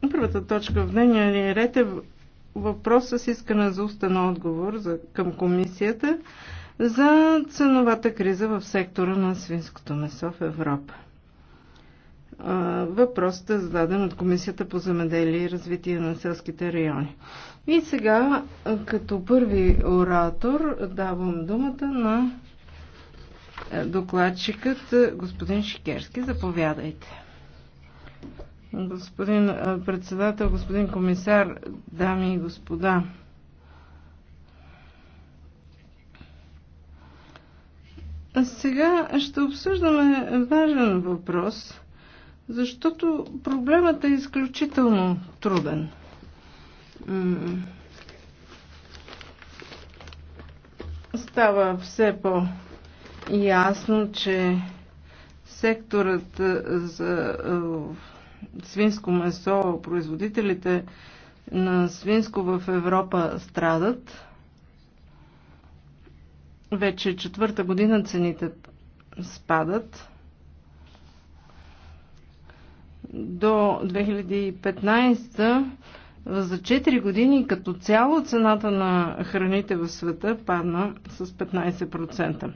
Първата точка в дневния ни ред е въпрос с искане за устен отговор за, към комисията за ценовата криза в сектора на свинското месо в Европа. Въпросът е зададен от Комисията по земеделие и развитие на селските райони. И сега, като първи оратор, давам думата на докладчикът господин Шикерски. Заповядайте. Господин председател, господин комисар, дами и господа. Сега ще обсъждаме важен въпрос, защото проблемът е изключително труден. Става все по-ясно, че секторът за свинско месо, производителите на свинско в Европа страдат. Вече четвърта година цените спадат. До 2015 за 4 години като цяло цената на храните в света падна с 15%.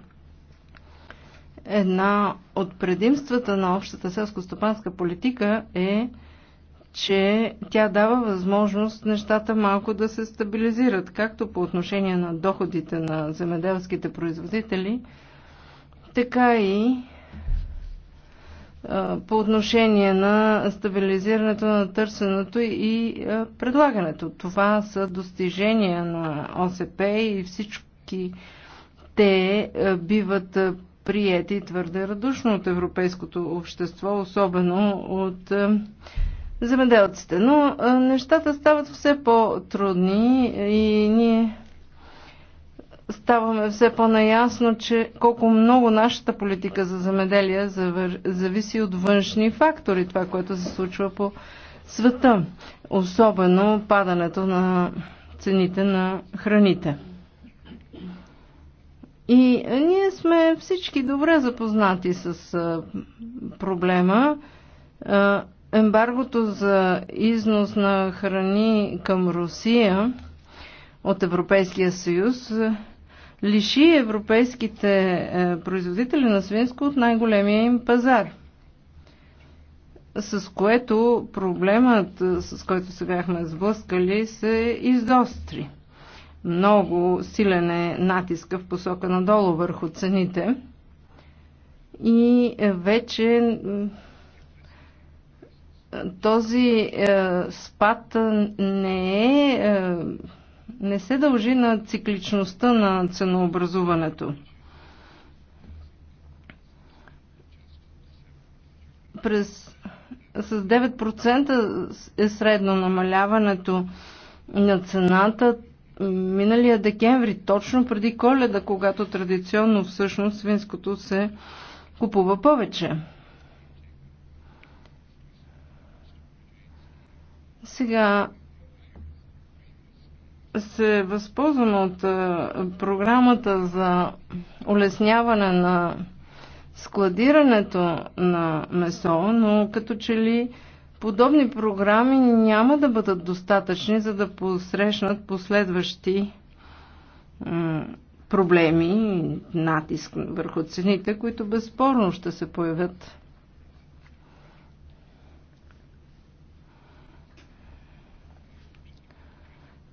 Една от предимствата на общата селско-стопанска политика е, че тя дава възможност нещата малко да се стабилизират, както по отношение на доходите на земеделските производители, така и по отношение на стабилизирането на търсенето и предлагането. Това са достижения на ОСП и всички те биват приети твърде радушно от европейското общество, особено от е, земеделците. Но е, нещата стават все по-трудни и ние ставаме все по-наясно, че колко много нашата политика за земеделие зависи от външни фактори, това, което се случва по света, особено падането на цените на храните. И ние сме всички добре запознати с а, проблема. А, ембаргото за износ на храни към Русия от Европейския съюз лиши европейските е, производители на свинско от най-големия им пазар. С което проблемът, с който се бяхме сблъскали, се издостри. Много силен е натиска в посока надолу върху цените. И вече този е, спад не е, е не се дължи на цикличността на ценообразуването. През, с 9% е средно намаляването на цената миналия декември, точно преди коледа, когато традиционно всъщност свинското се купува повече. Сега се възползвам от програмата за улесняване на складирането на месо, но като че ли подобни програми няма да бъдат достатъчни, за да посрещнат последващи проблеми, натиск върху цените, които безспорно ще се появят.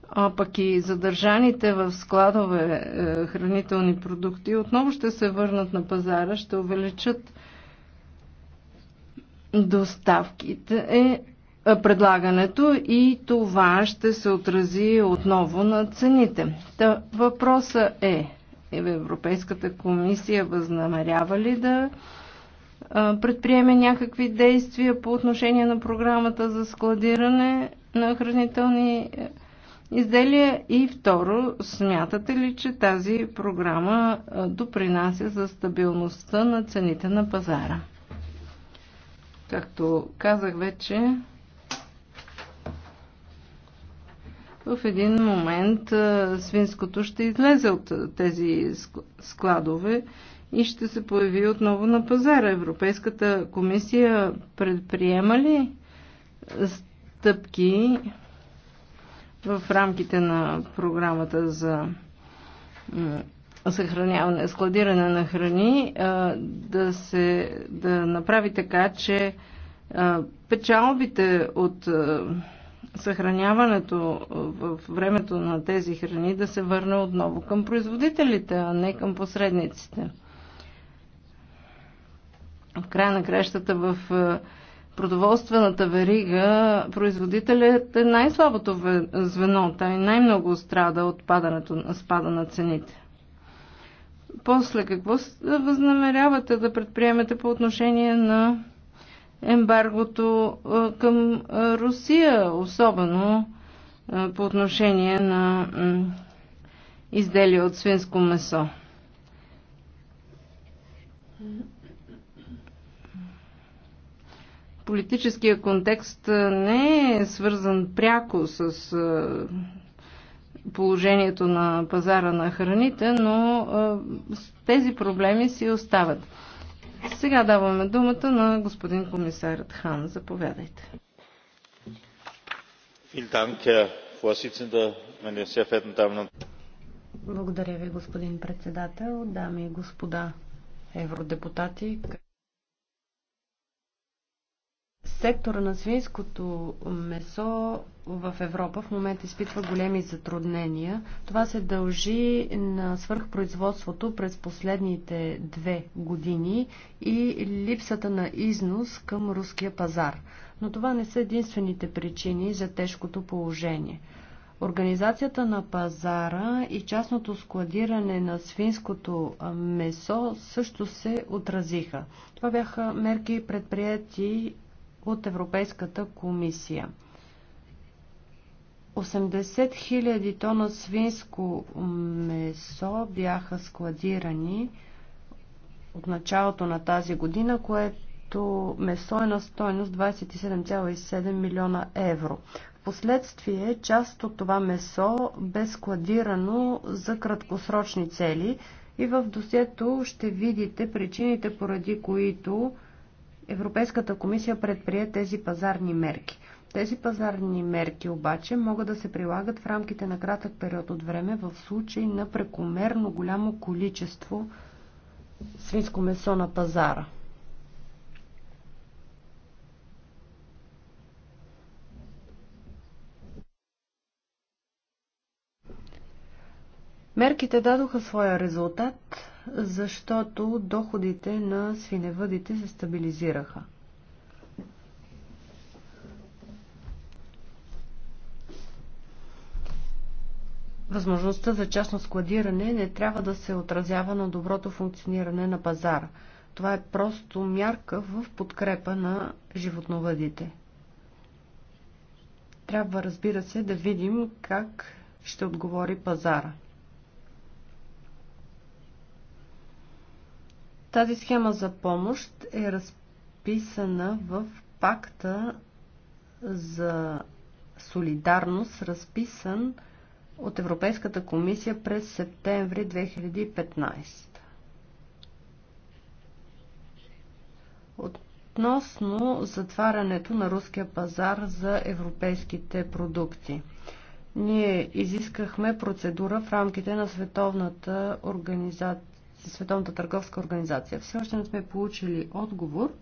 А пък и задържаните в складове е, хранителни продукти отново ще се върнат на пазара, ще увеличат доставките, е, е предлагането и това ще се отрази отново на цените. Та въпроса е, е Европейската комисия възнамерява ли да е, предприеме някакви действия по отношение на програмата за складиране на хранителни изделия? И второ, смятате ли, че тази програма допринася за стабилността на цените на пазара? Както казах вече, в един момент свинското ще излезе от тези складове и ще се появи отново на пазара. Европейската комисия предприема ли стъпки в рамките на програмата за съхраняване, складиране на храни, да, се, да направи така, че печалбите от съхраняването в времето на тези храни да се върне отново към производителите, а не към посредниците. В края на кращата в продоволствената верига производителят е най-слабото звено, той най-много страда от падането, спада на цените. После, какво възнамерявате да предприемете по отношение на ембаргото към Русия, особено по отношение на изделия от свинско месо? Политическия контекст не е свързан пряко с положението на пазара на храните, но тези проблеми си остават. Сега даваме думата на господин комисарът Хан. Заповядайте. Благодаря ви, господин председател, дами и господа евродепутати. Сектора на свинското месо в Европа в момента изпитва големи затруднения. Това се дължи на свърхпроизводството през последните две години и липсата на износ към руския пазар. Но това не са единствените причини за тежкото положение. Организацията на пазара и частното складиране на свинското месо също се отразиха. Това бяха мерки предприяти от Европейската комисия. 80 000 тона свинско месо бяха складирани от началото на тази година, което месо е на стойност 27,7 милиона евро. Впоследствие част от това месо бе складирано за краткосрочни цели и в досието ще видите причините, поради които Европейската комисия предприе тези пазарни мерки. Тези пазарни мерки обаче могат да се прилагат в рамките на кратък период от време в случай на прекомерно голямо количество свинско месо на пазара. Мерките дадоха своя резултат защото доходите на свиневъдите се стабилизираха. Възможността за частно складиране не трябва да се отразява на доброто функциониране на пазара. Това е просто мярка в подкрепа на животновъдите. Трябва, разбира се, да видим как ще отговори пазара. Тази схема за помощ е разписана в пакта за солидарност, разписан от Европейската комисия през септември 2015. Относно затварянето на руския пазар за европейските продукти. Ние изискахме процедура в рамките на Световната организация за Световната търговска организация. Все още не сме получили отговор.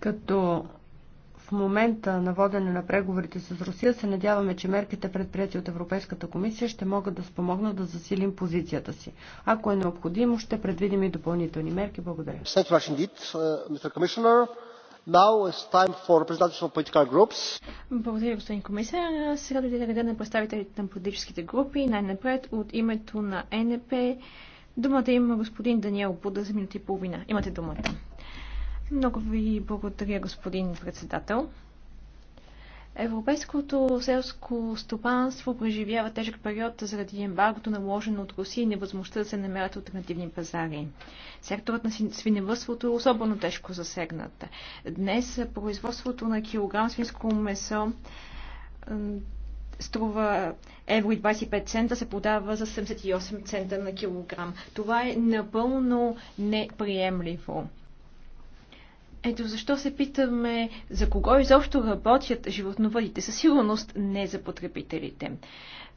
Като в момента на водене на преговорите с Русия се надяваме, че мерките предприяти от Европейската комисия ще могат да спомогнат да засилим позицията си. Ако е необходимо, ще предвидим и допълнителни мерки. Благодаря. Uh, Благодаря, господин комисар. Сега дойде реда на представителите на политическите групи. Най-напред от името на НП думата има господин Даниел Буда за минути и половина. Имате думата. Много ви благодаря, господин председател. Европейското селско стопанство преживява тежък период заради ембаргото наложено от Русия и невъзможността да се намерят альтернативни пазари. Секторът на свиневътството е особено тежко засегнат. Днес производството на килограм свинско месо струва евро и 25 цента, се подава за 78 цента на килограм. Това е напълно неприемливо. Ето защо се питаме за кого изобщо работят животновъдите. Със сигурност не за потребителите.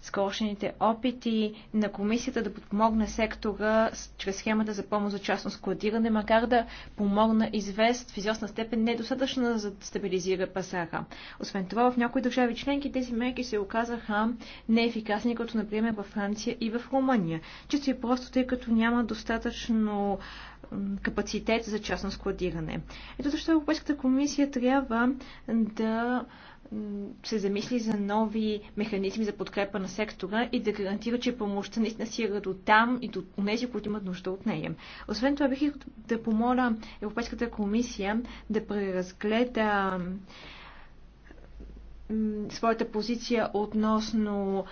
Скорошените опити на комисията да подпомогне сектора чрез схемата за помощ за частно складиране, макар да помогна извест в известна степен, не е достатъчно за да стабилизира пазара. Освен това, в някои държави членки тези мерки се оказаха неефикасни, като например във Франция и в Румъния. Чисто и просто, тъй като няма достатъчно капацитет за частно складиране. Ето защо Европейската комисия трябва да се замисли за нови механизми за подкрепа на сектора и да гарантира, че помощта наистина е до там и до тези, които имат нужда от нея. Освен това, бих да помоля Европейската комисия да преразгледа своята позиция относно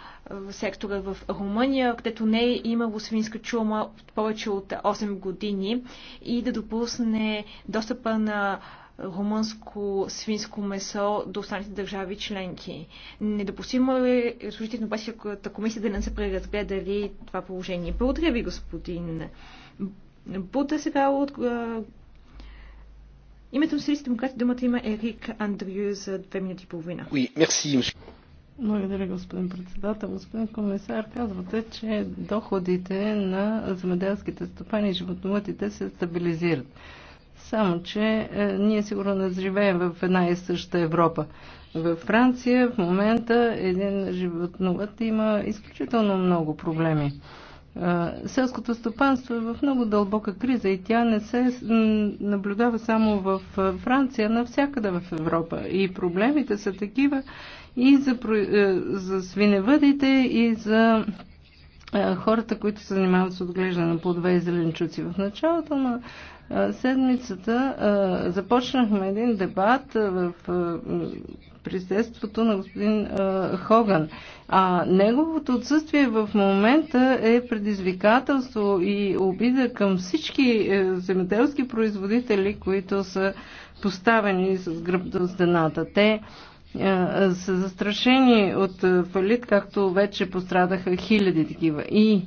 сектора в Румъния, където не е имало свинска чума повече от 8 години и да допусне достъпа на румънско свинско месо до останалите държави членки. Недопустимо е служителите на Басилката комисия да не са преразгледали това положение. Благодаря ви, господин Бута. Сега от Името на Сирийските демократи думата има Ерик Андрю за две минути и половина. Oui, merci, благодаря, господин председател. Господин комисар, казвате, че доходите на земеделските стопани и животновътите се стабилизират. Само, че е, ние сигурно не живеем в една и съща Европа. Във Франция в момента един животновът има изключително много проблеми. Селското стопанство е в много дълбока криза и тя не се наблюдава само в Франция, навсякъде в Европа. И проблемите са такива и за, за свиневъдите, и за хората, които се занимават с отглеждане на плодове и зеленчуци. В началото на седмицата започнахме един дебат в присъствието на господин а, Хоган. А неговото отсъствие в момента е предизвикателство и обида към всички е, земеделски производители, които са поставени с гръб до стената. Те е, са застрашени от е, фалит, както вече пострадаха хиляди такива. И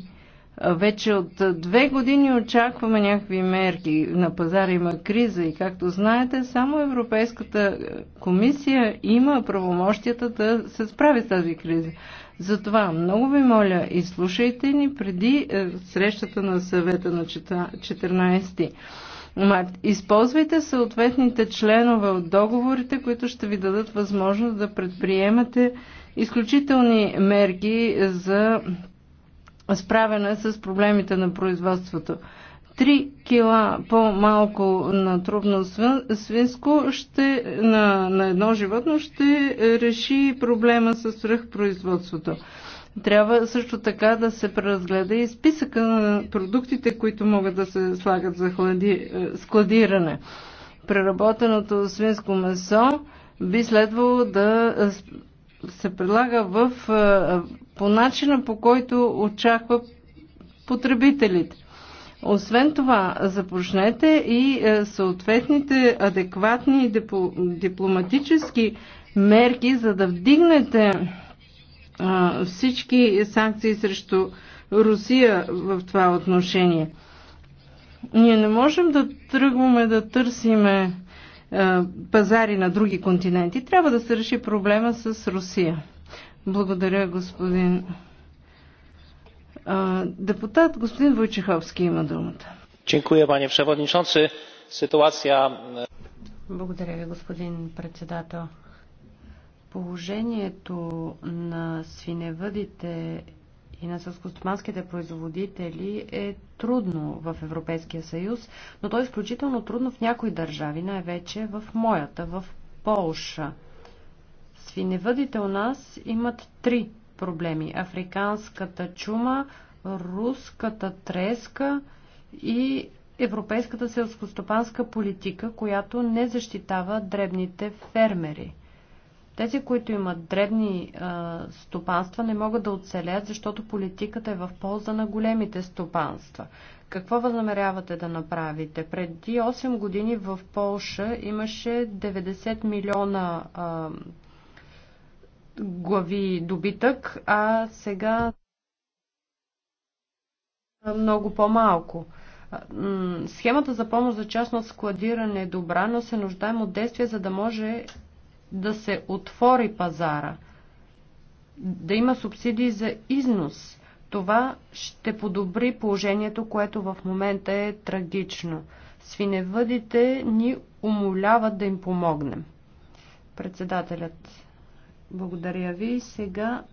вече от две години очакваме някакви мерки. На пазара има криза и както знаете, само Европейската комисия има правомощията да се справи с тази криза. Затова много ви моля, изслушайте ни преди е, срещата на съвета на 14 март. Използвайте съответните членове от договорите, които ще ви дадат възможност да предприемате изключителни мерки за справяне с проблемите на производството. 3 кила по-малко на трудно свинско ще, на, на едно животно ще реши проблема с свръхпроизводството. Трябва също така да се преразгледа и списъка на продуктите, които могат да се слагат за хлади, е, складиране. Преработеното свинско месо би следвало да е, се предлага в е, по начина по който очаква потребителите. Освен това, започнете и е, съответните адекватни дипломатически мерки, за да вдигнете всички санкции срещу Русия в това отношение. Ние не можем да тръгваме да търсиме е, пазари на други континенти. Трябва да се реши проблема с Русия. Благодаря, господин депутат. Господин Войчеховски има думата. Дякую, пане przewodniczący. Ситуация... E, Благодаря ви, господин председател. Положението на свиневъдите и на сълскостоманските производители е трудно в Европейския съюз, но то е изключително трудно в някои държави, най-вече в моята, в Полша. Свиневъдите Невъдите у нас имат три проблеми. Африканската чума, руската треска и европейската селскостопанска политика, която не защитава дребните фермери. Тези, които имат дребни а, стопанства, не могат да оцелят, защото политиката е в полза на големите стопанства. Какво възнамерявате да направите? Преди 8 години в Полша имаше 90 милиона а, глави добитък, а сега много по-малко. Схемата за помощ за частно складиране е добра, но се нуждаем от действия, за да може да се отвори пазара, да има субсидии за износ. Това ще подобри положението, което в момента е трагично. Свиневъдите ни умоляват да им помогнем. Председателят благодаря ви. Сега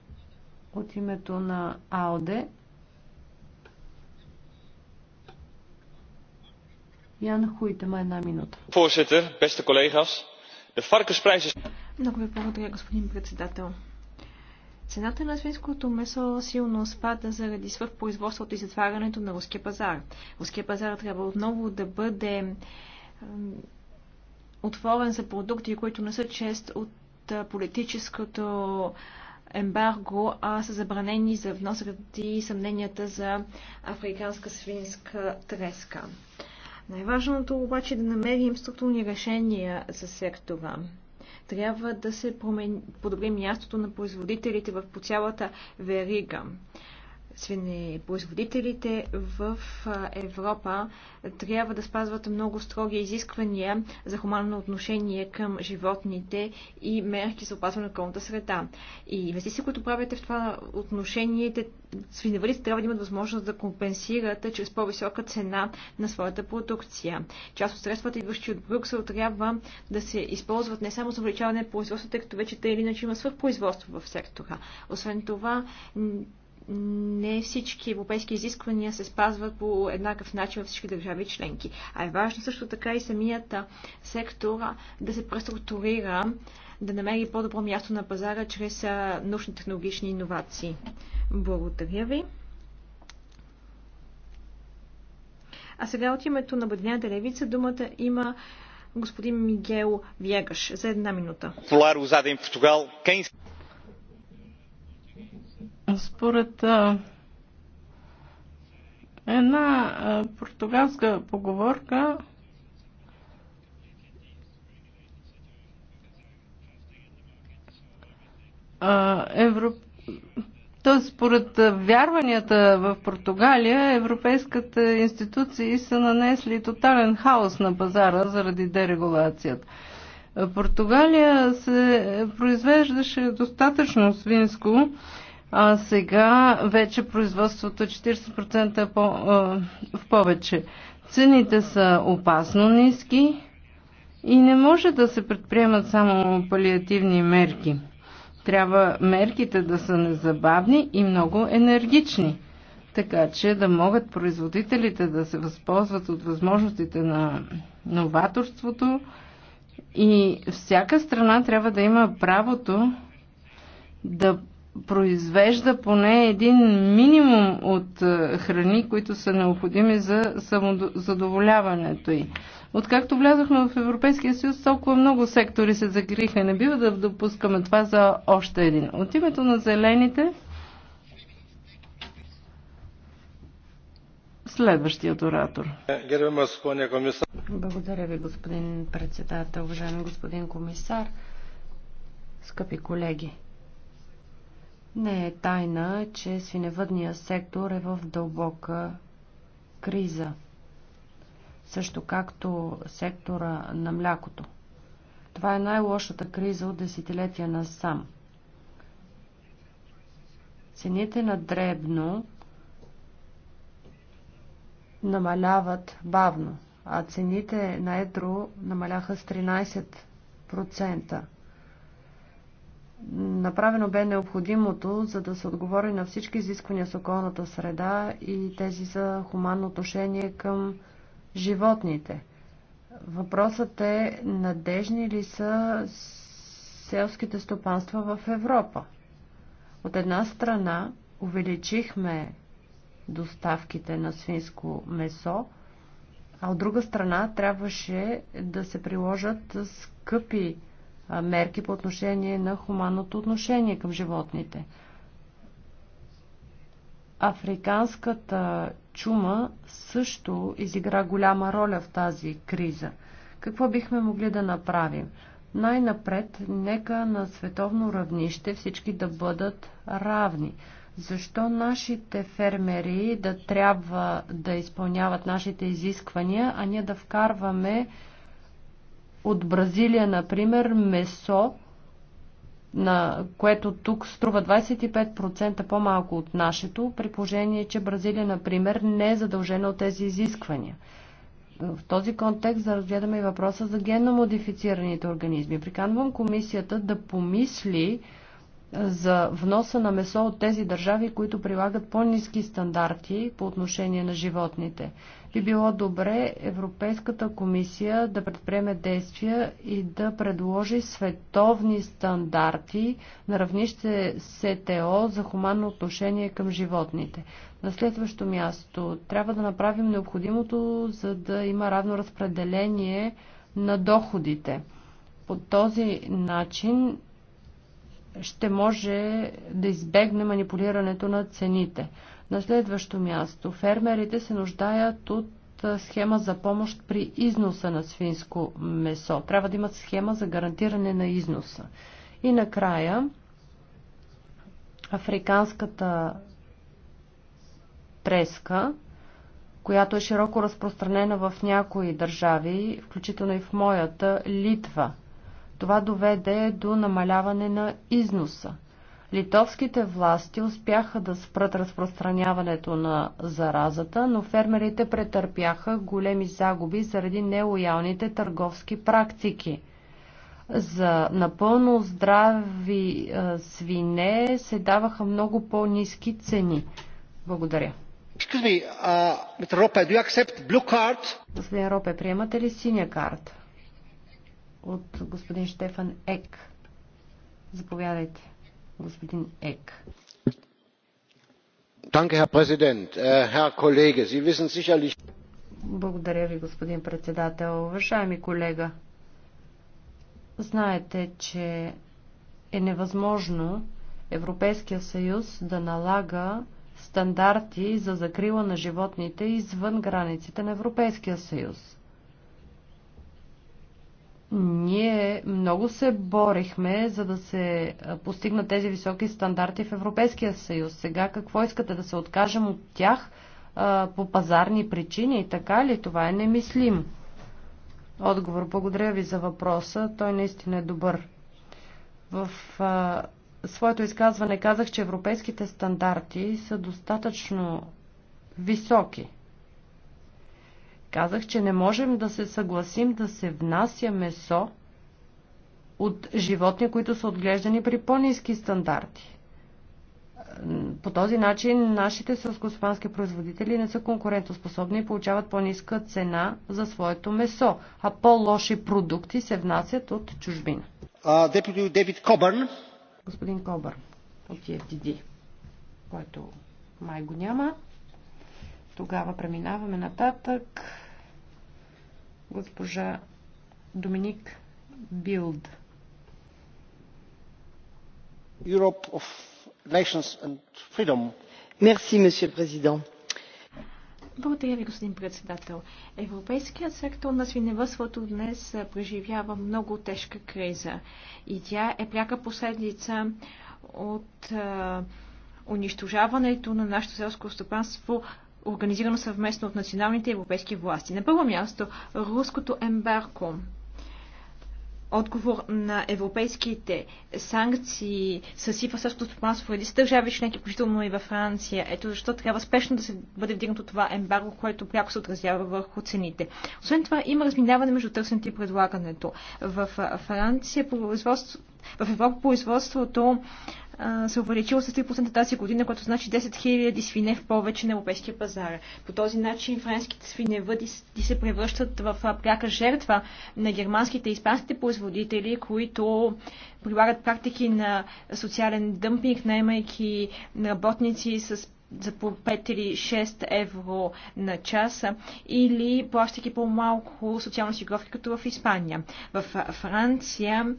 от името на АОДЕ Ян Хуитема една минута. Voorzitter, beste collega's, de varkensprijs is... Много ви благодаря, господин председател. Цената на свинското месо силно спада заради свърхпроизводството и затварянето на руския пазар. Руския пазар трябва отново да бъде отворен за продукти, които не са чест от от политическото ембарго, а са забранени за внос и съмненията за африканска свинска треска. Най-важното обаче е да намерим структурни решения за сектора. Трябва да се подобри мястото на производителите в по цялата верига свинепроизводителите в Европа трябва да спазват много строги изисквания за хуманно отношение към животните и мерки за опазване на околната среда. И инвестиции, които правите в това отношение, свиневалите трябва да имат възможност да компенсират чрез по-висока цена на своята продукция. Част от средствата, идващи от Брюксел, трябва да се използват не само за увеличаване на производството, тъй като вече те или иначе има свърхпроизводство в сектора. Освен това, не всички европейски изисквания се спазват по еднакъв начин във всички държави членки. А е важно също така и самият сектор да се преструктурира, да намери по-добро място на пазара чрез научно-технологични иновации. Благодаря ви. А сега от името на Бъдняната левица думата има господин Мигел Вегаш за една минута. Според една португалска поговорка, Европ... Тоест, според вярванията в Португалия, европейските институции са нанесли тотален хаос на пазара заради дерегулацията. Португалия се произвеждаше достатъчно свинско, а сега вече производството е 40% по, а, в повече. Цените са опасно ниски и не може да се предприемат само палиативни мерки. Трябва мерките да са незабавни и много енергични, така че да могат производителите да се възползват от възможностите на новаторството и всяка страна трябва да има правото да произвежда поне един минимум от е, храни, които са необходими за самозадоволяването й. Откакто влязохме в Европейския съюз, толкова много сектори се закриха. Не бива да допускаме това за още един. От името на зелените, следващият оратор. Благодаря ви, господин председател, уважаеми господин комисар, скъпи колеги. Не е тайна, че свиневъдния сектор е в дълбока криза, също както сектора на млякото. Това е най-лошата криза от десетилетия насам. Цените на дребно намаляват бавно, а цените на едро намаляха с 13%. Направено бе необходимото, за да се отговори на всички изисквания с околната среда и тези за хуманно отношение към животните. Въпросът е, надежни ли са селските стопанства в Европа? От една страна, увеличихме доставките на свинско месо, а от друга страна трябваше да се приложат скъпи мерки по отношение на хуманното отношение към животните. Африканската чума също изигра голяма роля в тази криза. Какво бихме могли да направим? Най-напред, нека на световно равнище всички да бъдат равни. Защо нашите фермери да трябва да изпълняват нашите изисквания, а ние да вкарваме от Бразилия, например, месо, на което тук струва 25% по-малко от нашето, при положение, че Бразилия, например, не е задължена от тези изисквания. В този контекст да разгледаме и въпроса за генно модифицираните организми. Приканвам комисията да помисли за вноса на месо от тези държави, които прилагат по-низки стандарти по отношение на животните. Би било добре Европейската комисия да предприеме действия и да предложи световни стандарти на равнище СТО за хуманно отношение към животните. На следващо място трябва да направим необходимото, за да има равно разпределение на доходите. По този начин ще може да избегне манипулирането на цените. На следващо място, фермерите се нуждаят от схема за помощ при износа на свинско месо. Трябва да имат схема за гарантиране на износа. И накрая, африканската треска, която е широко разпространена в някои държави, включително и в моята Литва – това доведе до намаляване на износа. Литовските власти успяха да спрат разпространяването на заразата, но фермерите претърпяха големи загуби заради нелоялните търговски практики. За напълно здрави а, свине се даваха много по-низки цени. Благодаря. Excuse me, Господин Ропе, приемате ли синя карта? от господин Штефан Ек. Заповядайте, господин Ек. Herr Präsident, äh, Herr Kollege, Sie wissen sicherlich. Благодаря ви, господин председател. Уважаеми колега, знаете, че е невъзможно Европейския съюз да налага стандарти за закрила на животните извън границите на Европейския съюз. Ние много се борихме, за да се постигнат тези високи стандарти в Европейския съюз. Сега какво искате да се откажем от тях по пазарни причини? и Така ли? Това е немислимо. Отговор. Благодаря ви за въпроса. Той наистина е добър. В а, своето изказване казах, че европейските стандарти са достатъчно високи. Казах, че не можем да се съгласим да се внася месо от животни, които са отглеждани при по-низки стандарти. По този начин нашите селскостопански производители не са конкурентоспособни и получават по-ниска цена за своето месо, а по-лоши продукти се внасят от чужбина. Дейвид Кобърн. Господин Кобърн от EFTD, който май го няма. Тогава преминаваме нататък госпожа Доминик Билд. Europe of Nations and Freedom. Merci, monsieur le président. Благодаря ви, господин председател. Европейският сектор на свиневъдството днес преживява много тежка криза и тя е пряка последица от е, унищожаването на нашето селско стопанство организирано съвместно от националните европейски власти. На първо място руското ембарко отговор на европейските санкции съсипва същото стопанство в държави членки, включително и във Франция. Ето защо трябва спешно да се бъде вдигнато това ембарго, което пряко се отразява върху цените. Освен това има разминаване между търсенето и предлагането. В Франция производство, в Европа производството се увеличило с 3% тази година, което значи 10 000 свине в повече на европейския пазар. По този начин френските свиневъди се превръщат в пряка жертва на германските и испанските производители, които прилагат практики на социален дъмпинг, наймайки работници с за по 5 или 6 евро на час или плащайки по-малко социални осигуровка, като в Испания. В Франция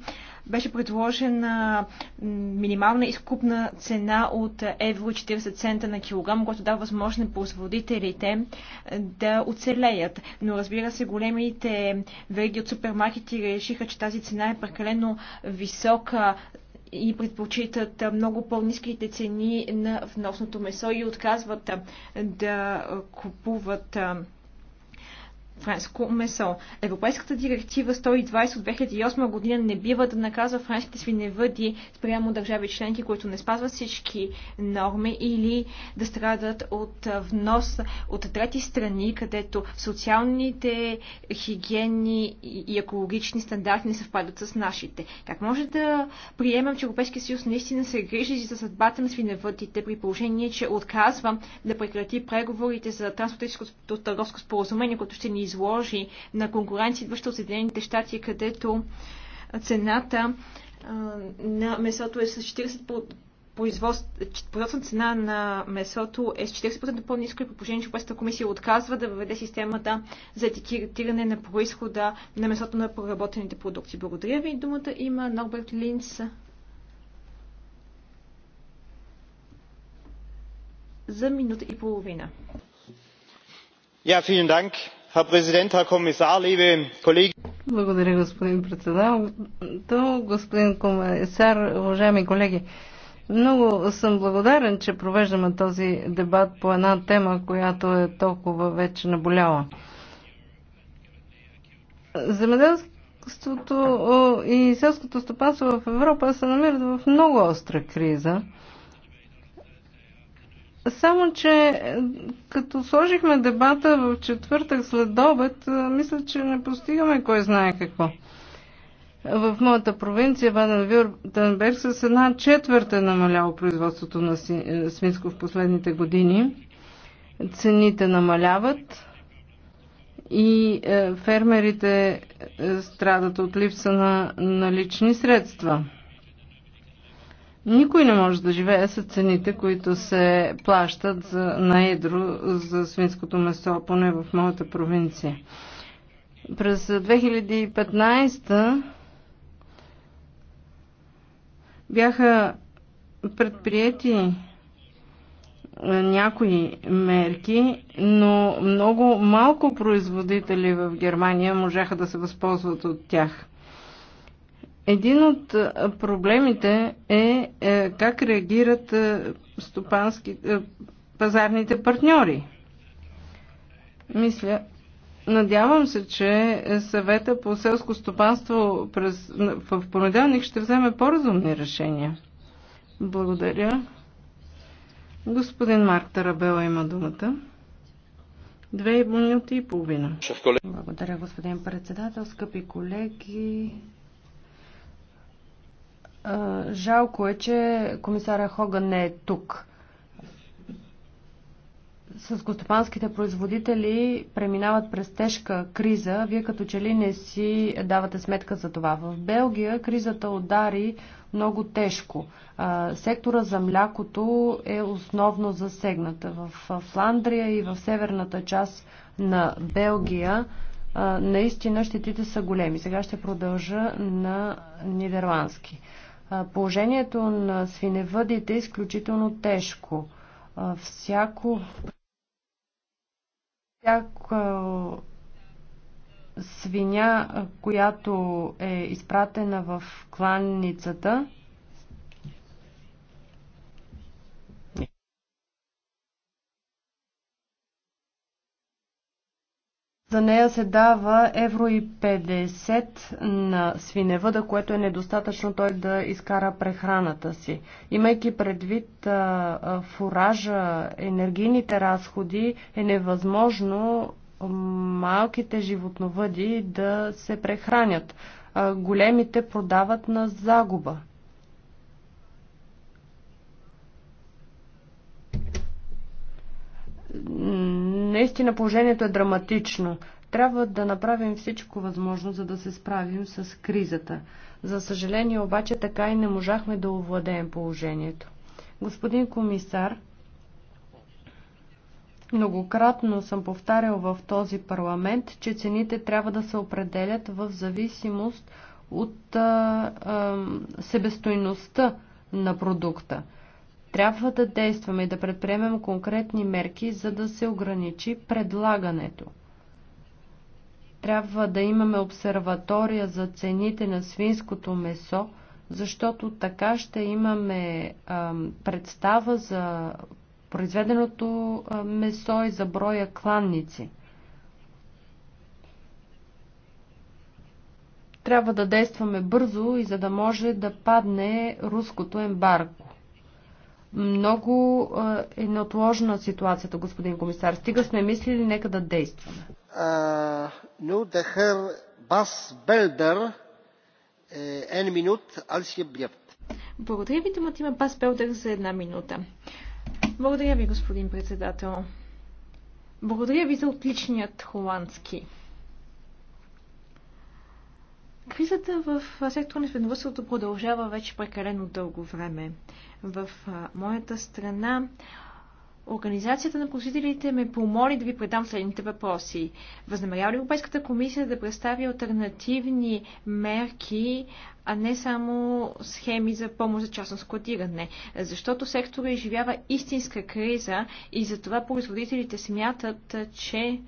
беше предложена минимална изкупна цена от евро 40 цента на килограм, което дава възможност на производителите да оцелеят. Но разбира се, големите вериги от супермаркети решиха, че тази цена е прекалено висока и предпочитат много по-низките цени на вносното месо и отказват да купуват френско месо. Европейската директива 120 от 2008 година не бива да наказва френските свиневъди спрямо държави членки, които не спазват всички норми или да страдат от внос от трети страни, където социалните, хигиени и екологични стандарти не съвпадат с нашите. Как може да приемем, че Европейския съюз наистина се грижи за съдбата на свиневъдите при положение, че отказва да прекрати преговорите за транспортическото търговско споразумение, което ще ни изложи на конкуренция, идваща от Съединените щати, където цената на месото е с 40% производствена цена на месото е с 40% по-низко и по положение, че Пресната комисия отказва да въведе системата за етикетиране на происхода на месото на проработените продукти. Благодаря ви. Думата има Норберт Линц. За минута и половина. Ja, vielen Dank. Благодаря, господин председател. Господин комисар, уважаеми колеги, много съм благодарен, че провеждаме този дебат по една тема, която е толкова вече наболяла. Земеделството и селското стопанство в Европа се намират в много остра криза. Само, че е, като сложихме дебата в четвъртък след обед, е, мисля, че не постигаме кой знае какво. В моята провинция Баден-Вюртенберг с една четвърта е намаляло производството на свинско е, в последните години. Цените намаляват и фермерите страдат от липса на налични средства. Никой не може да живее с цените, които се плащат за, на едро за свинското месо, поне в моята провинция. През 2015 бяха предприяти е, някои мерки, но много малко производители в Германия можаха да се възползват от тях. Един от проблемите е, е как реагират стопански, пазарните партньори. Мисля, надявам се, че съвета по селско стопанство през, в понеделник ще вземе по-разумни решения. Благодаря. Господин Марк Тарабела има думата. Две минути и половина. Благодаря, господин председател, скъпи колеги. Жалко е, че комисара Хоган не е тук. гостопанските производители преминават през тежка криза. Вие като че ли не си давате сметка за това. В Белгия кризата удари много тежко. Сектора за млякото е основно засегната. В Фландрия и в северната част на Белгия наистина щетите са големи. Сега ще продължа на нидерландски. Положението на свиневъдите е изключително тежко. Всяко, всяко свиня, която е изпратена в кланницата, За нея се дава евро и 50 на свиневъда, което е недостатъчно той да изкара прехраната си. Имайки предвид а, фуража, енергийните разходи, е невъзможно малките животновъди да се прехранят. големите продават на загуба. наистина положението е драматично. Трябва да направим всичко възможно, за да се справим с кризата. За съжаление обаче така и не можахме да овладеем положението. Господин комисар, многократно съм повтарял в този парламент, че цените трябва да се определят в зависимост от а, а, себестойността на продукта. Трябва да действаме и да предприемем конкретни мерки, за да се ограничи предлагането. Трябва да имаме обсерватория за цените на свинското месо, защото така ще имаме а, представа за произведеното а, месо и за броя кланници. Трябва да действаме бързо и за да може да падне руското ембарго. Много е неотложна ситуацията, господин комисар. Стига сме мислили, нека да действаме. Ну, Дехер Бас Белдер, е, ен минут, Алсия Бьефт. Благодаря ви, думата има Бас Белдер за една минута. Благодаря ви, господин председател. Благодаря ви за отличният холандски. Кризата в сектора на свиноводството продължава вече прекалено дълго време. В моята страна Организацията на производителите ме помоли да ви предам следните въпроси. Възнамерява ли Европейската комисия да представи альтернативни мерки, а не само схеми за помощ за частно складиране? Защото сектора изживява истинска криза и затова производителите смятат, че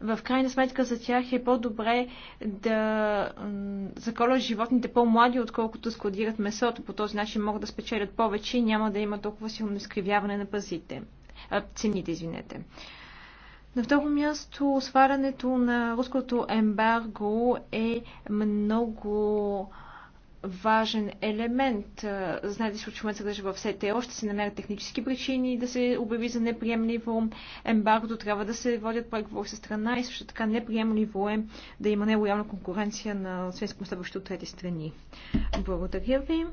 в крайна сметка за тях е по-добре да заколят животните по-млади, отколкото складират месото. По този начин могат да спечелят повече и няма да има толкова силно изкривяване на пазите. А, цените, извинете. На второ място, сварянето на руското ембарго е много важен елемент. Знаете, че момент съдържа в СТО, още се намерят технически причини да се обяви за неприемливо. Ембаргото трябва да се водят преговори с страна и също така неприемливо е да има нелоялна конкуренция на свинско следващо от трети страни. Благодаря ви.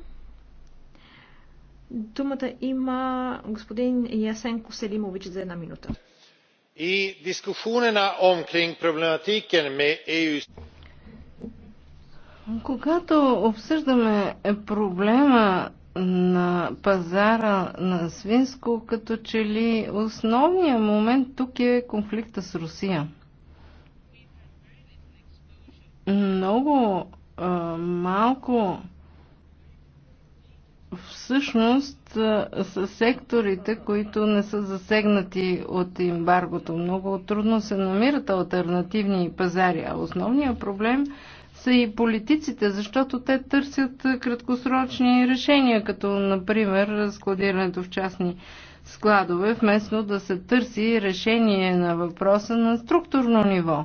Думата има господин Ясенко Селимович за една минута. И дискусионerna omkring problematiken med е когато обсъждаме проблема на пазара на свинско, като че ли основният момент тук е конфликта с Русия. Много а, малко всъщност са секторите, които не са засегнати от ембаргото. Много трудно се намират альтернативни пазари, а основният проблем е са и политиците, защото те търсят краткосрочни решения, като например складирането в частни складове, вместо да се търси решение на въпроса на структурно ниво.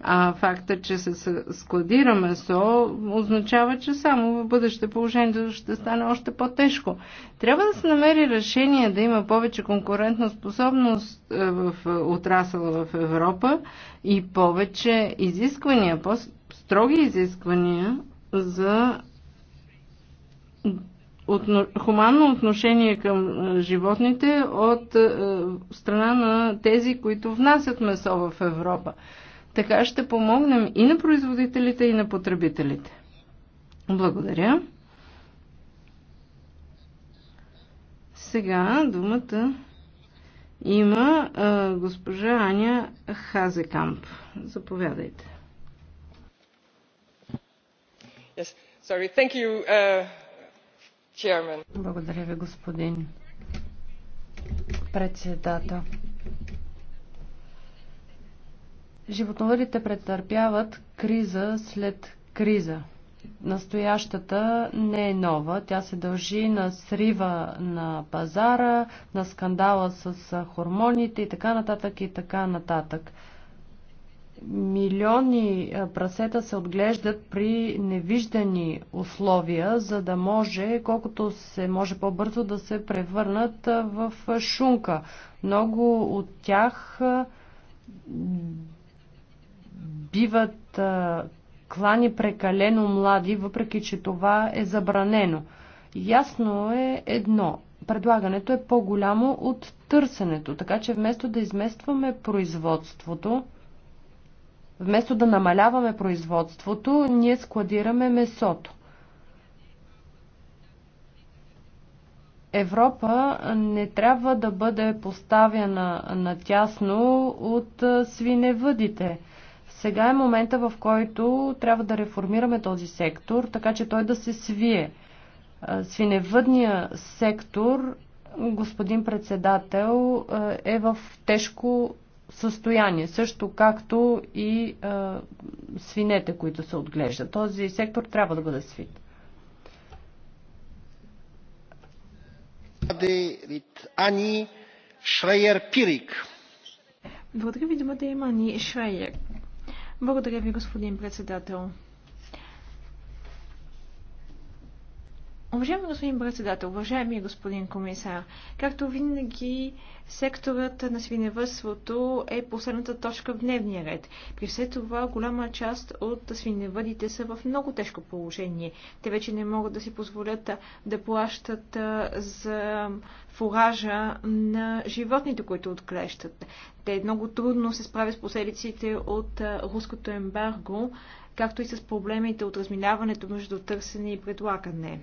А факта, че се складира месо, означава, че само в бъдеще положението ще стане още по-тежко. Трябва да се намери решение да има повече конкурентна способност е, в е, отрасъла в Европа и повече изисквания, строги изисквания за отно, хуманно отношение към животните от е, страна на тези, които внасят месо в Европа. Така ще помогнем и на производителите, и на потребителите. Благодаря. Сега думата има а, госпожа Аня Хазекамп. Заповядайте. Uh, Благодаря ви, господин председател. Животновъдите претърпяват криза след криза. Настоящата не е нова. Тя се дължи на срива на пазара, на скандала с хормоните и така нататък и така нататък милиони прасета се отглеждат при невиждани условия, за да може, колкото се може по-бързо да се превърнат в шунка. Много от тях биват клани прекалено млади, въпреки че това е забранено. Ясно е едно предлагането е по-голямо от търсенето. Така че вместо да изместваме производството, Вместо да намаляваме производството, ние складираме месото. Европа не трябва да бъде поставяна натясно от свиневъдите. Сега е момента, в който трябва да реформираме този сектор, така че той да се свие. Свиневъдния сектор, господин председател, е в тежко състояние, също както и а, свинете, които се отглеждат. Този сектор трябва да бъде свит. Благодаря ви, думата има Ани Шрайер. Благодаря ви, господин председател. Уважаеми господин председател, уважаеми господин комисар, както винаги, секторът на свиневътството е последната точка в дневния ред. При все това, голяма част от свиневъдите са в много тежко положение. Те вече не могат да си позволят да плащат за фуража на животните, които отклещат. Те много трудно се справят с последиците от руското ембарго както и с проблемите от разминаването между търсене и предлагане.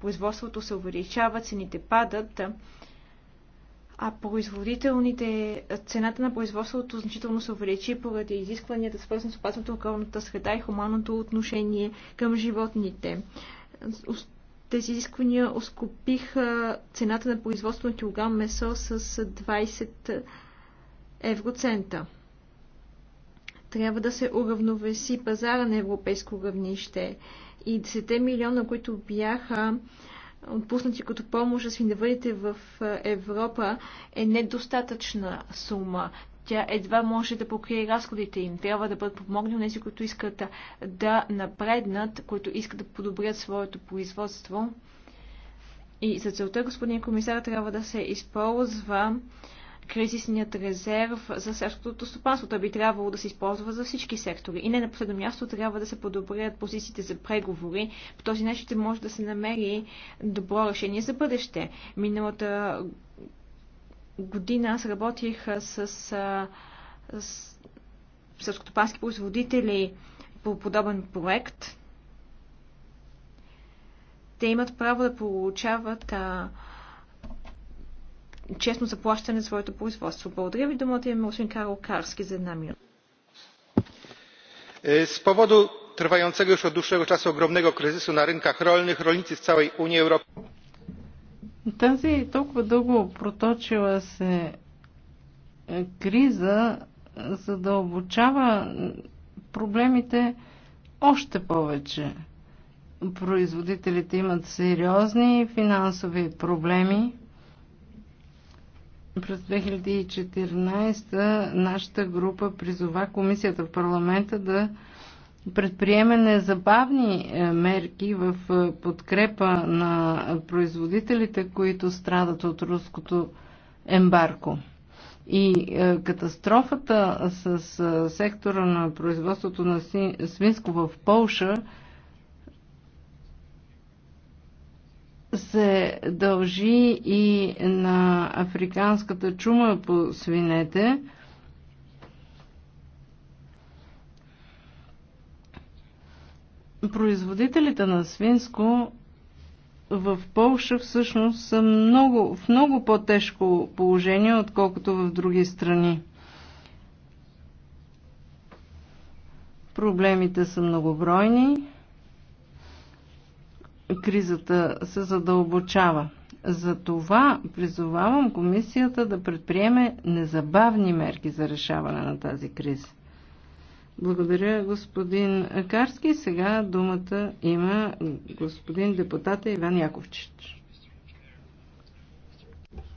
Производството се увеличава, цените падат, а производителните, цената на производството значително се увеличи поради изискванията, свързани с опасната околната среда и хуманното отношение към животните. Тези изисквания оскопиха цената на производство на килограм месо с 20 евроцента. Трябва да се уравновеси пазара на европейско равнище и 10 милиона, които бяха отпуснати като помощ за свиневъдите в Европа, е недостатъчна сума. Тя едва може да покрие разходите им. Трябва да бъдат помогнали тези, които искат да напреднат, които искат да подобрят своето производство. И за целта, господин комисар, трябва да се използва кризисният резерв за селското стопанство. Той би трябвало да се използва за всички сектори. И не на последно място трябва да се подобрят позициите за преговори. По този начин ще може да се намери добро решение за бъдеще. Миналата година аз работих с, с, с производители по подобен проект. Те имат право да получават а, честно заплащане за своето производство. Благодаря ви, думата имаме господин Карл Карски за една минута. Z powodu trwającego już od dłuższego czasu ogromnego kryzysu na rynkach rolnych rolnicy z całej Unii Europejskiej. Тази толкова дълго проточила се криза задълбочава проблемите още повече. Производителите имат сериозни финансови проблеми през 2014 нашата група призова комисията в парламента да предприеме незабавни е, мерки в е, подкрепа на производителите, които страдат от руското ембарко. И е, катастрофата с сектора на производството на свинско в Полша се дължи и на африканската чума по свинете. Производителите на свинско в Полша всъщност са много, в много по-тежко положение, отколкото в други страни. Проблемите са многобройни кризата се задълбочава. Затова призовавам комисията да предприеме незабавни мерки за решаване на тази криза. Благодаря, господин Карски. Сега думата има господин депутата Иван Яковчич.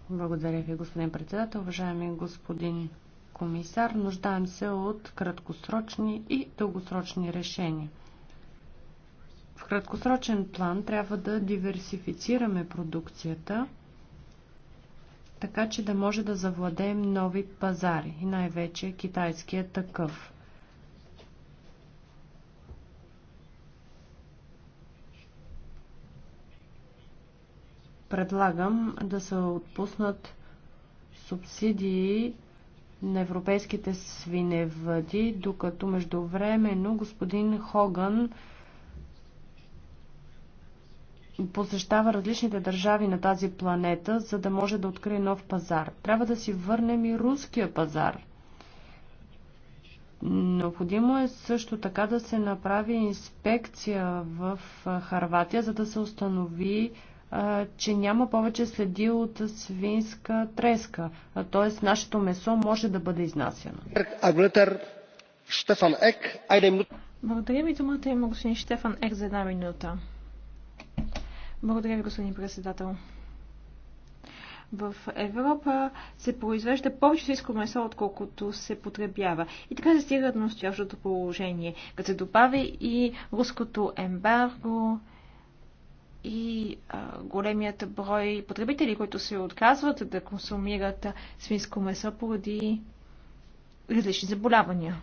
Благодаря ви, господин председател. Уважаеми господин комисар, нуждаем се от краткосрочни и дългосрочни решения краткосрочен план трябва да диверсифицираме продукцията, така че да може да завладеем нови пазари и най-вече китайския такъв. Предлагам да се отпуснат субсидии на европейските свиневъди, докато междувременно господин Хоган посещава различните държави на тази планета, за да може да открие нов пазар. Трябва да си върнем и руския пазар. Необходимо е също така да се направи инспекция в Харватия, за да се установи, че няма повече следи от свинска треска. Т.е. нашето месо може да бъде изнасяно. Благодаря ви, думата има господин Штефан Ек за една минута. Благодаря ви, господин председател. В Европа се произвежда повече свинско месо, отколкото се потребява. И така се стига до настоящото положение. Като се добави и руското ембарго, и а, големият брой потребители, които се отказват да консумират свинско месо поради различни заболявания.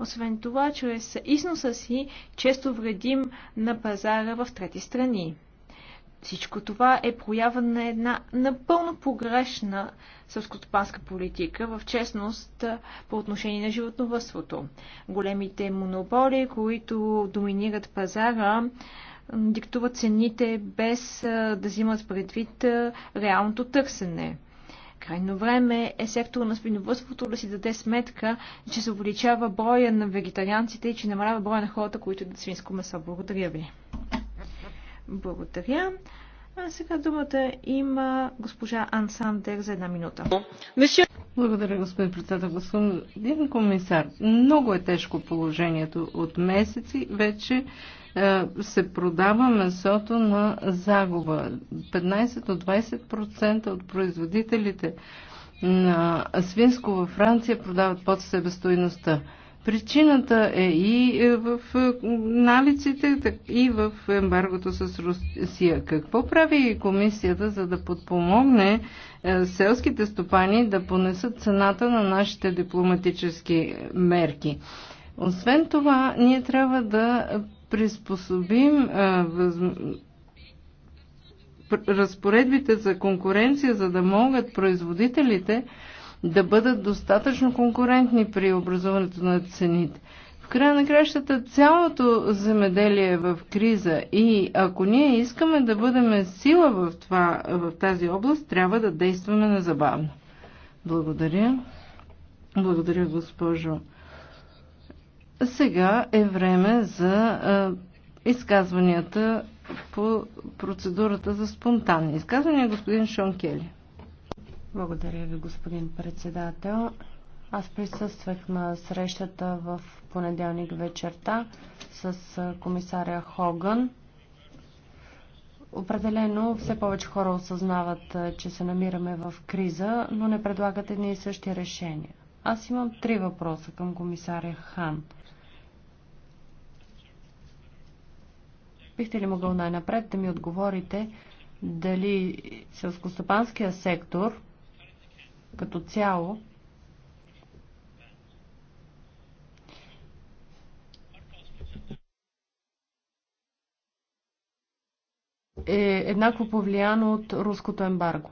Освен това, чрез износа си често вредим на пазара в трети страни. Всичко това е проява на една напълно погрешна сълскотопанска политика, в честност по отношение на животновътството. Големите монополи, които доминират пазара, диктуват цените без да взимат предвид реалното търсене. Крайно време е сектора на свиноводството да си даде сметка, че се увеличава броя на вегетарианците и че намалява броя на хората, които да свинско месо. Благодаря ви. Благодаря. А сега думата има госпожа Ан Сандер за една минута. Благодаря, господин председател. Господин комисар, много е тежко положението от месеци. Вече е, се продава месото на загуба. 15 до 20% от производителите на свинско във Франция продават под себестойността. Причината е и е, в е, налиците, и в ембаргото с Русия. Какво прави комисията, за да подпомогне селските стопани да понесат цената на нашите дипломатически мерки? Освен това, ние трябва да приспособим а, въз... разпоредбите за конкуренция, за да могат производителите да бъдат достатъчно конкурентни при образуването на цените. В края на кращата цялото земеделие е в криза и ако ние искаме да бъдем сила в, това, в тази област, трябва да действаме незабавно. Благодаря. Благодаря, госпожо сега е време за изказванията по процедурата за спонтанни изказвания. Господин Шон Кели. Благодаря ви, господин председател. Аз присъствах на срещата в понеделник вечерта с комисаря Хоган. Определено все повече хора осъзнават, че се намираме в криза, но не предлагат едни и същи решения. Аз имам три въпроса към комисаря Хан – Бихте ли могъл най-напред да ми отговорите дали селскостопанския сектор като цяло е еднакво повлияно от руското ембарго.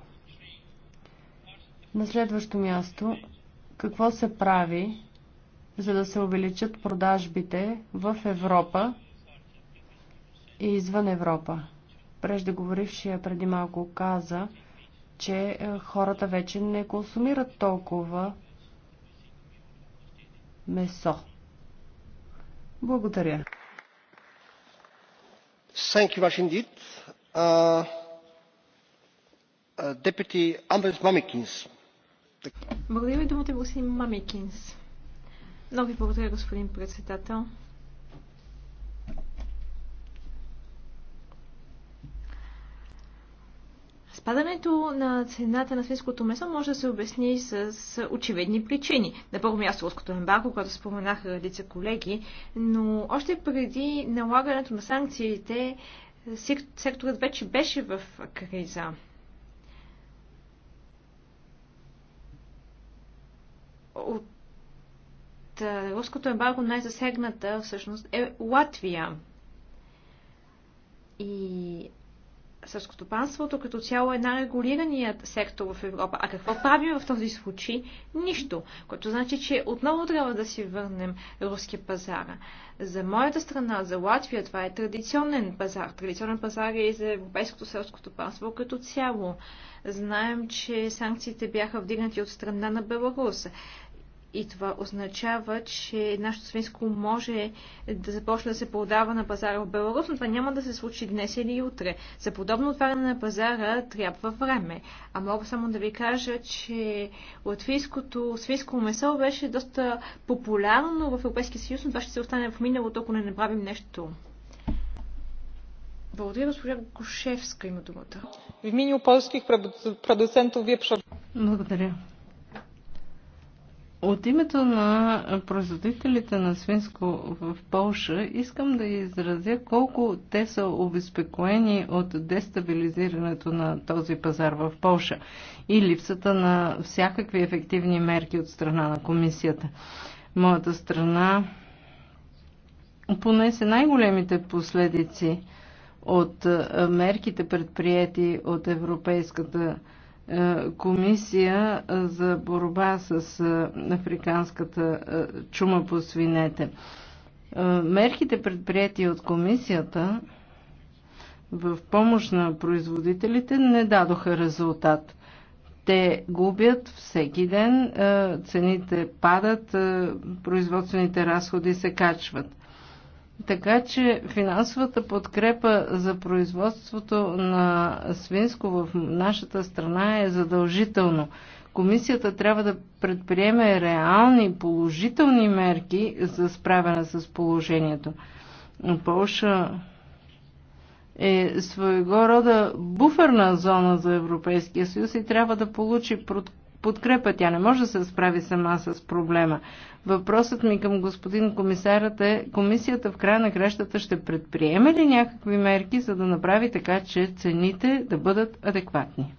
На следващо място, какво се прави, за да се увеличат продажбите в Европа и извън Европа. Преждеговорившия преди малко каза, че е, хората вече не консумират толкова месо. Благодаря. Thank you much indeed. Uh, uh, Deputy Ambers Mamikins. Благодаря ви думата, господин е Мамикинс. Много ви благодаря, господин председател. Падането на цената на свинското месо може да се обясни с очевидни причини. На първо място руското ембарго, което споменаха редица колеги, но още преди налагането на санкциите секторът вече беше в криза. От руското ембарго най-засегната всъщност е Латвия. И Сърскостопанството като цяло е най-регулираният сектор в Европа. А какво правим в този случай? Нищо. Което значи, че отново трябва да си върнем руския пазар. За моята страна, за Латвия, това е традиционен пазар. Традиционен пазар е и за европейското панство като цяло. Знаем, че санкциите бяха вдигнати от страна на Беларус. И това означава, че нашето свинско може да започне да се продава на пазара в Беларус, но това няма да се случи днес или утре. За подобно отваряне на пазара трябва време. А мога само да ви кажа, че латвийското свинско месо беше доста популярно в Европейския съюз, но това ще се остане в миналото, ако не направим нещо. Благодаря, госпожа Гошевска има думата. В имени полских продуцентов вие Благодаря. От името на производителите на свинско в Полша искам да изразя колко те са обезпекоени от дестабилизирането на този пазар в Полша и липсата на всякакви ефективни мерки от страна на комисията. Моята страна понесе най-големите последици от мерките предприяти от Европейската комисия е, комисия е, за борба с е, африканската чума по свинете. Мерките предприяти от комисията в помощ на производителите не дадоха резултат. Те губят всеки ден, цените падат, производствените разходи се качват. Така че финансовата подкрепа за производството на свинско в нашата страна е задължително. Комисията трябва да предприеме реални положителни мерки за справяне с положението. Полша е своего рода буферна зона за Европейския съюз и трябва да получи подкрепа. Тя не може да се справи сама с проблема. Въпросът ми към господин комисарът е, комисията в края на кращата ще предприеме ли някакви мерки, за да направи така, че цените да бъдат адекватни?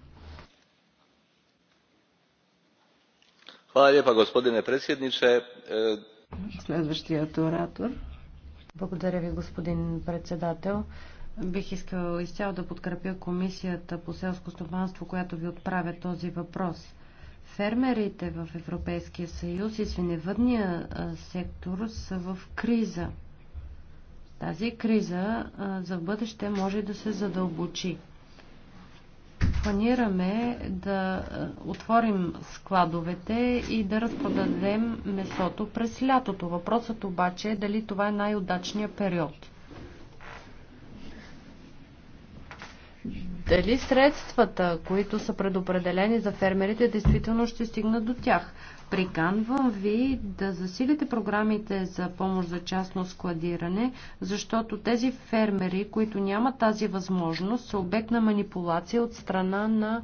Hvala lijepa господине председниче, е, Следващият оратор. Благодаря ви, господин председател. Бих искал изцяло да подкрепя комисията по селско стопанство, която ви отправя този въпрос. Фермерите в Европейския съюз и свиневъдния сектор са в криза. Тази криза за бъдеще може да се задълбочи. Планираме да отворим складовете и да разпродадем месото през лятото. Въпросът обаче е дали това е най-удачният период. дали средствата, които са предопределени за фермерите, действително ще стигнат до тях. Приканвам ви да засилите програмите за помощ за частно складиране, защото тези фермери, които нямат тази възможност, са обект на манипулация от страна на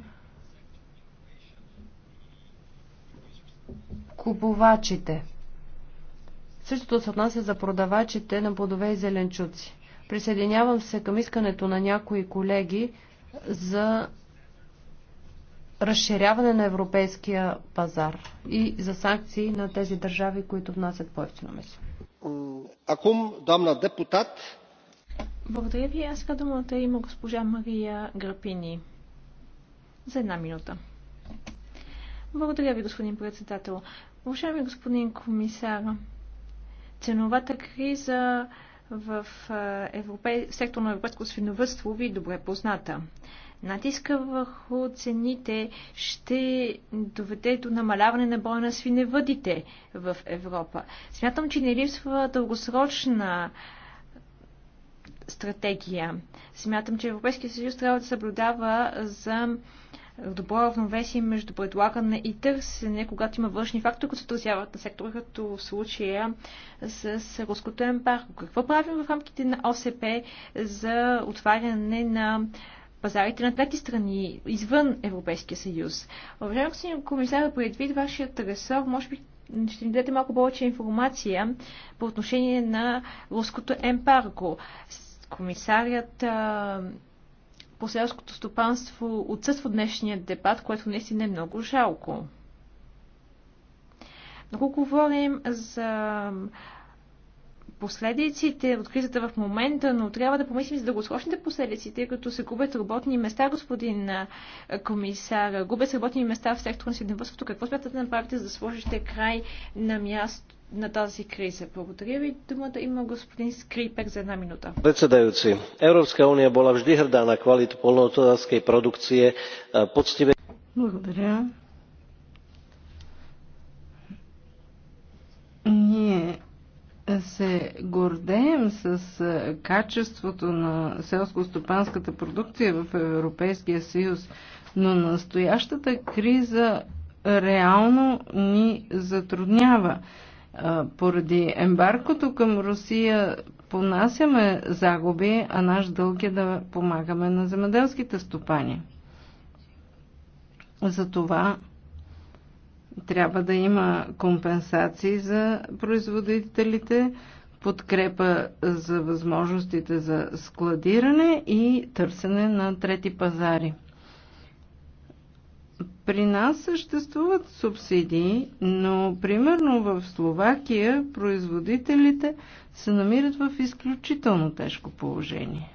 купувачите. Същото се отнася за продавачите на плодове и зеленчуци. Присъединявам се към искането на някои колеги за разширяване на европейския пазар и за санкции на тези държави, които внасят по-ефтино месо. Акум, дамна депутат. Благодаря ви. Аз думата има госпожа Мария Грапини. За една минута. Благодаря ви, господин председател. Уважаеми господин комисар, ценовата криза в европе... сектор на европейско свиновътство ви добре позната. Натиска върху цените ще доведе до намаляване на броя на свиневъдите в Европа. Смятам, че не липсва дългосрочна стратегия. Смятам, че Европейския съюз трябва да съблюдава за добро равновесие между предлагане и търсене, когато има външни фактори, които се отразяват на сектора, като в случая с руското ембарго. Какво правим в рамките на ОСП за отваряне на пазарите на трети страни извън Европейския съюз. Уважаеми господин комисар, предвид вашият ресор, може би ще ни дадете малко повече информация по отношение на руското ембарго. Комисарият а, по селското стопанство отсъства днешния дебат, което наистина е много жалко. Много говорим за последиците от кризата в момента, но трябва да помислим за дългосрочните последици, тъй като се губят работни места, господин комисар. Губят се работни места в сектора на свидетелството. Какво смятате да направите, за да сложите край на място на тази криза. Благодаря ви. Думата има господин Скрипек за една минута. Председajúci, Európska уния bola vždy hrdá na kvalitu poľnohospodárskej produkcie, Подстиве... Благодаря. Ние се гордеем с качеството на селско-стопанската продукция в Европейския съюз, но настоящата криза реално ни затруднява поради ембаркото към Русия понасяме загуби, а наш дълг е да помагаме на земеделските стопани. Затова трябва да има компенсации за производителите, подкрепа за възможностите за складиране и търсене на трети пазари. При нас съществуват субсидии, но примерно в Словакия производителите се намират в изключително тежко положение.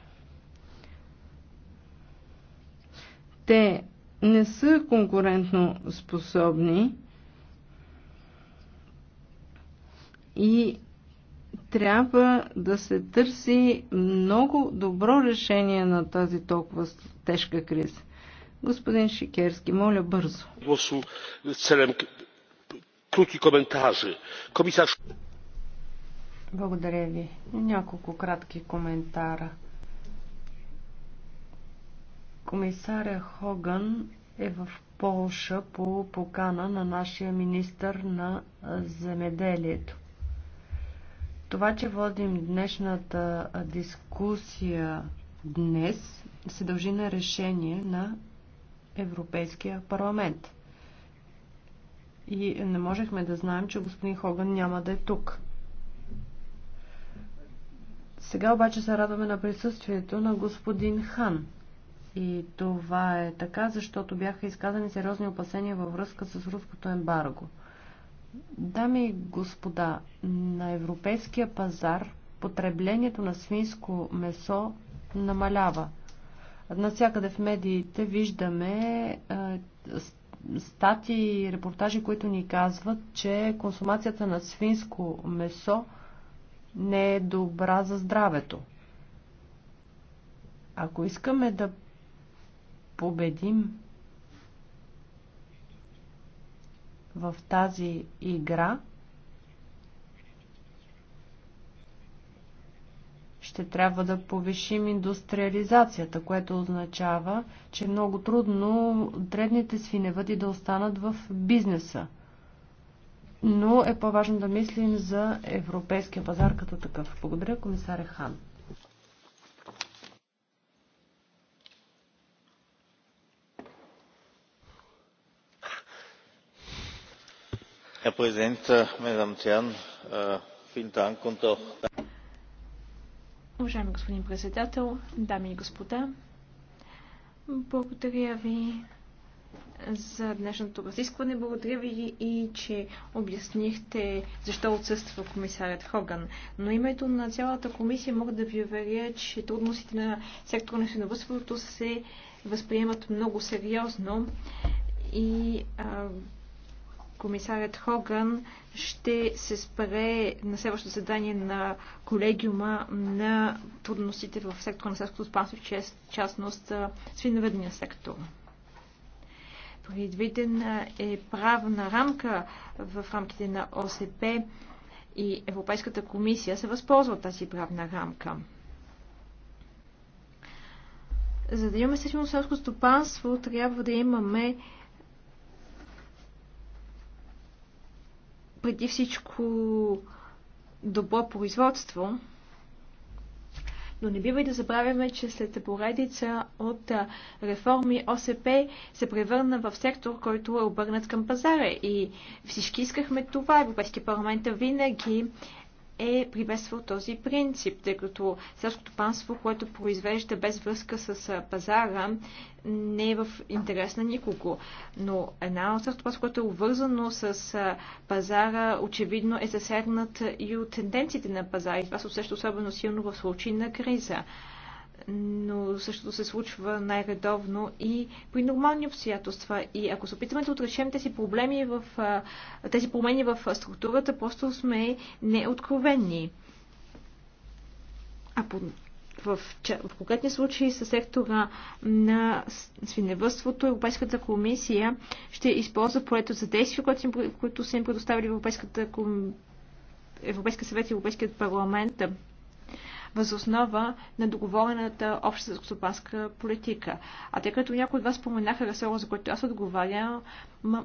Те не са конкурентно способни и трябва да се търси много добро решение на тази толкова тежка криза. Господин Шикерски, моля бързо. целем коментажи. Комисар... Благодаря ви. Няколко кратки коментара. Комисаря Хоган е в Полша по покана на нашия министър на земеделието. Това, че водим днешната дискусия днес, се дължи на решение на Европейския парламент. И не можехме да знаем, че господин Хоган няма да е тук. Сега обаче се радваме на присъствието на господин Хан. И това е така, защото бяха изказани сериозни опасения във връзка с руското ембарго. Дами и господа, на европейския пазар потреблението на свинско месо намалява – Навсякъде в медиите виждаме статии и репортажи, които ни казват, че консумацията на свинско месо не е добра за здравето. Ако искаме да победим в тази игра, Ще трябва да повишим индустриализацията, което означава, че е много трудно дребните свиневъди да останат в бизнеса. Но е по-важно да мислим за европейския пазар като такъв. Благодаря, комисаря Хан. herr präsident meine damen und äh, herren! vielen dank und auch Уважаеми господин председател, дами и господа, благодаря ви за днешното разискване. Благодаря ви и, че обяснихте защо отсъства комисарят Хоган. Но името на цялата комисия мога да ви уверя, че трудностите на сектора на свиновътството се възприемат много сериозно и а, комисарят Хоган ще се спре на следващото заседание на колегиума на трудностите в сектора на селското спанство, в частност свиноведния сектор. Предвидена е правна рамка в рамките на ОСП и Европейската комисия се възползва от тази правна рамка. За да имаме сетилно селско стопанство, трябва да имаме преди всичко добро производство, но не бива и да забравяме, че след поредица от реформи ОСП се превърна в сектор, който е обърнат към пазара. И всички искахме това. Европейския парламент винаги е приветствал този принцип, тъй като селското панство, което произвежда без връзка с пазара, не е в интерес на никого. Но една от селското което е увързано с пазара, очевидно е засегнат и от тенденциите на пазара. И това се усеща особено силно в случай на криза но същото се случва най-редовно и при нормални обстоятелства. И ако се опитаме да отрешем тези проблеми в тези промени в структурата, просто сме неоткровенни. А по, в, в конкретни случаи с сектора на свиневътството Европейската комисия ще използва полето за действия, които които са им предоставили Европейската, Европейска съвет и Европейският парламент възоснова на договорената обща стопанска политика. А тъй като някои от вас споменаха ресора, за който аз отговарям,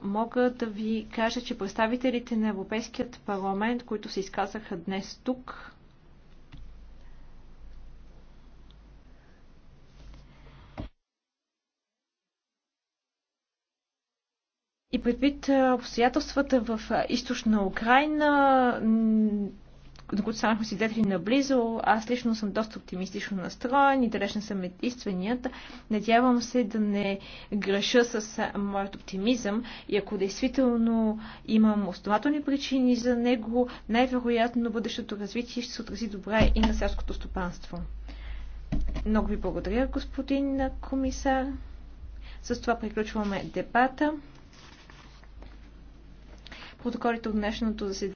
мога да ви кажа, че представителите на Европейският парламент, които се изказаха днес тук, И предвид обстоятелствата в източна Украина, докато които станахме свидетели наблизо. Аз лично съм доста оптимистично настроен и далеч не съм единственият. Надявам се да не греша с моят оптимизъм и ако действително имам основателни причини за него, най-вероятно бъдещото развитие ще се отрази добре и на селското стопанство. Много ви благодаря, господин комисар. С това приключваме дебата. Протоколите от днешното заседание